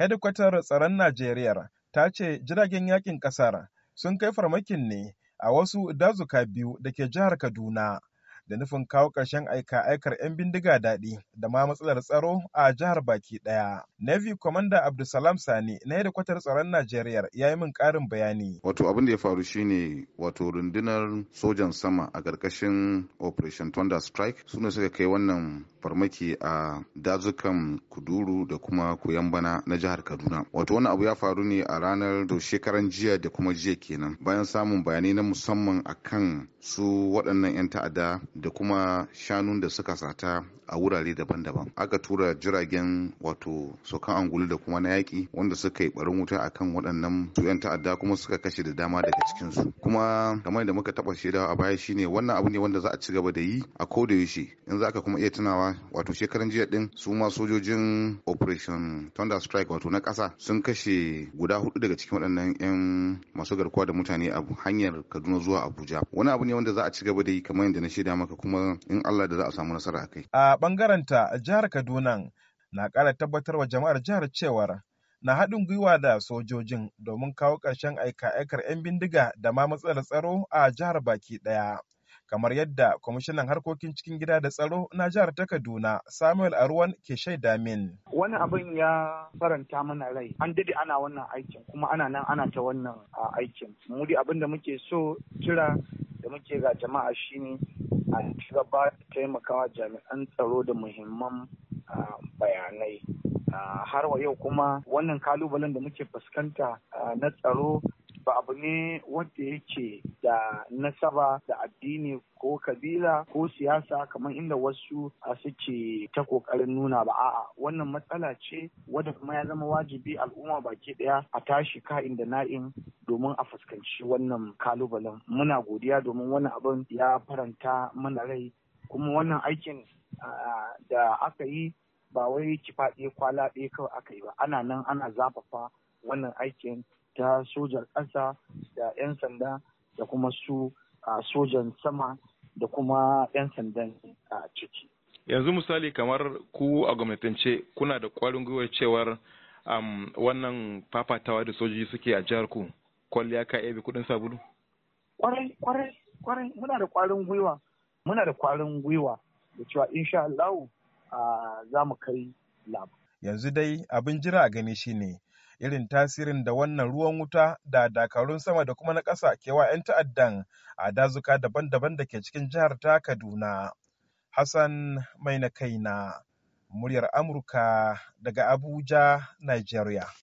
hedikwatar tsaron Najeriya ta ce jiragen yakin ƙasar sun kai farmakin ne a wasu dazuka biyu da ke jihar Kaduna. da nufin kawo ƙarshen aika-aikar 'yan bindiga daɗi da ma matsalar tsaro a jihar baki ɗaya. Navy Commander Abdulsalam Sani na kwatar tsaron Najeriya ya yi min ƙarin bayani. Wato abin da ya faru shine wato rundunar sojan sama a ƙarƙashin Operation Thunder Strike su ne suka kai wannan farmaki a dazukan Kuduru da kuma Kuyambana na jihar Kaduna. Wato wannan abu ya faru ne a ranar da shekaran jiya da kuma jiya kenan bayan samun bayanai na musamman akan su waɗannan 'yan ta'adda da kuma shanun da suka sata a wurare daban-daban aka tura jiragen wato sokan angulu da kuma na yaki. wanda suka yi barin wuta akan waɗannan su 'yan ta'adda kuma suka kashe da dama daga cikinsu kuma kamar da muka taɓa shaidawa a baya shine wannan abu ne wanda za a ci gaba da yi a koda yaushe in za ka kuma iya tunawa wato shekaran jiya din su ma sojojin operation thunder strike wato na ƙasa sun kashe guda hudu daga cikin waɗannan 'yan masu garkuwa da mutane a hanyar kaduna zuwa abuja wani abu ne wanda za a ci gaba da yi kamar yadda na shaida maka haka kuma in Allah da za a samu nasara a kai. A ɓangaranta, ta jihar Kaduna na ƙara tabbatar wa jama'ar jihar cewar na haɗin gwiwa da sojojin domin kawo ƙarshen aika-aikar 'yan bindiga da ma matsalar tsaro a jihar baki ɗaya. Kamar yadda kwamishinan harkokin cikin gida da tsaro na jihar ta Kaduna Samuel Arwan ke shaida min. Wani abin ya faranta mana rai, an dade ana wannan aikin kuma ana nan ana ta wannan aikin. Mu abin da muke so kira da muke ga jama'a shine a gaba da taimakawa jami'an tsaro da muhimman bayanai har wa yau kuma wannan kalubalen da muke fuskanta na tsaro ba abu ne wanda yake da nasaba da addini ko kabila ko siyasa kamar inda wasu suke ta kokarin nuna ba a'a wannan matsala ce wadda kuma ya zama wajibi al'umma baki daya a tashi ka na na'in domin a fuskanci wannan kalubalen muna godiya domin wannan abin ya faranta mana rai kuma wannan aikin da aka yi ba wai kifaɗe kwala ɗaya kawai aka yi ba ana nan ana zafafa wannan aikin ta sojan ƙasa da 'yan sanda da kuma su a sojan sama da kuma 'yan sandan a ciki. Yanzu misali kamar ku a gwamnatance kuna da ƙwarin gwiwar cewar wannan fafatawa da sojoji suke a jihar ku kwalliya ka ebe kuɗin sabulu? Kwarai, muna da ƙwarin gwiwa, muna da ƙwarin gwiwa da cewa insha Allah za mu kai labu. Yanzu dai abin jira a gani shine irin tasirin da wannan ruwan wuta da dakarun sama da kuma na ƙasa ke wa 'yan ta'addan a dazuka daban-daban da ke cikin jihar ta Kaduna. Hassan mai na kaina, muryar Amurka daga Abuja, Nigeria.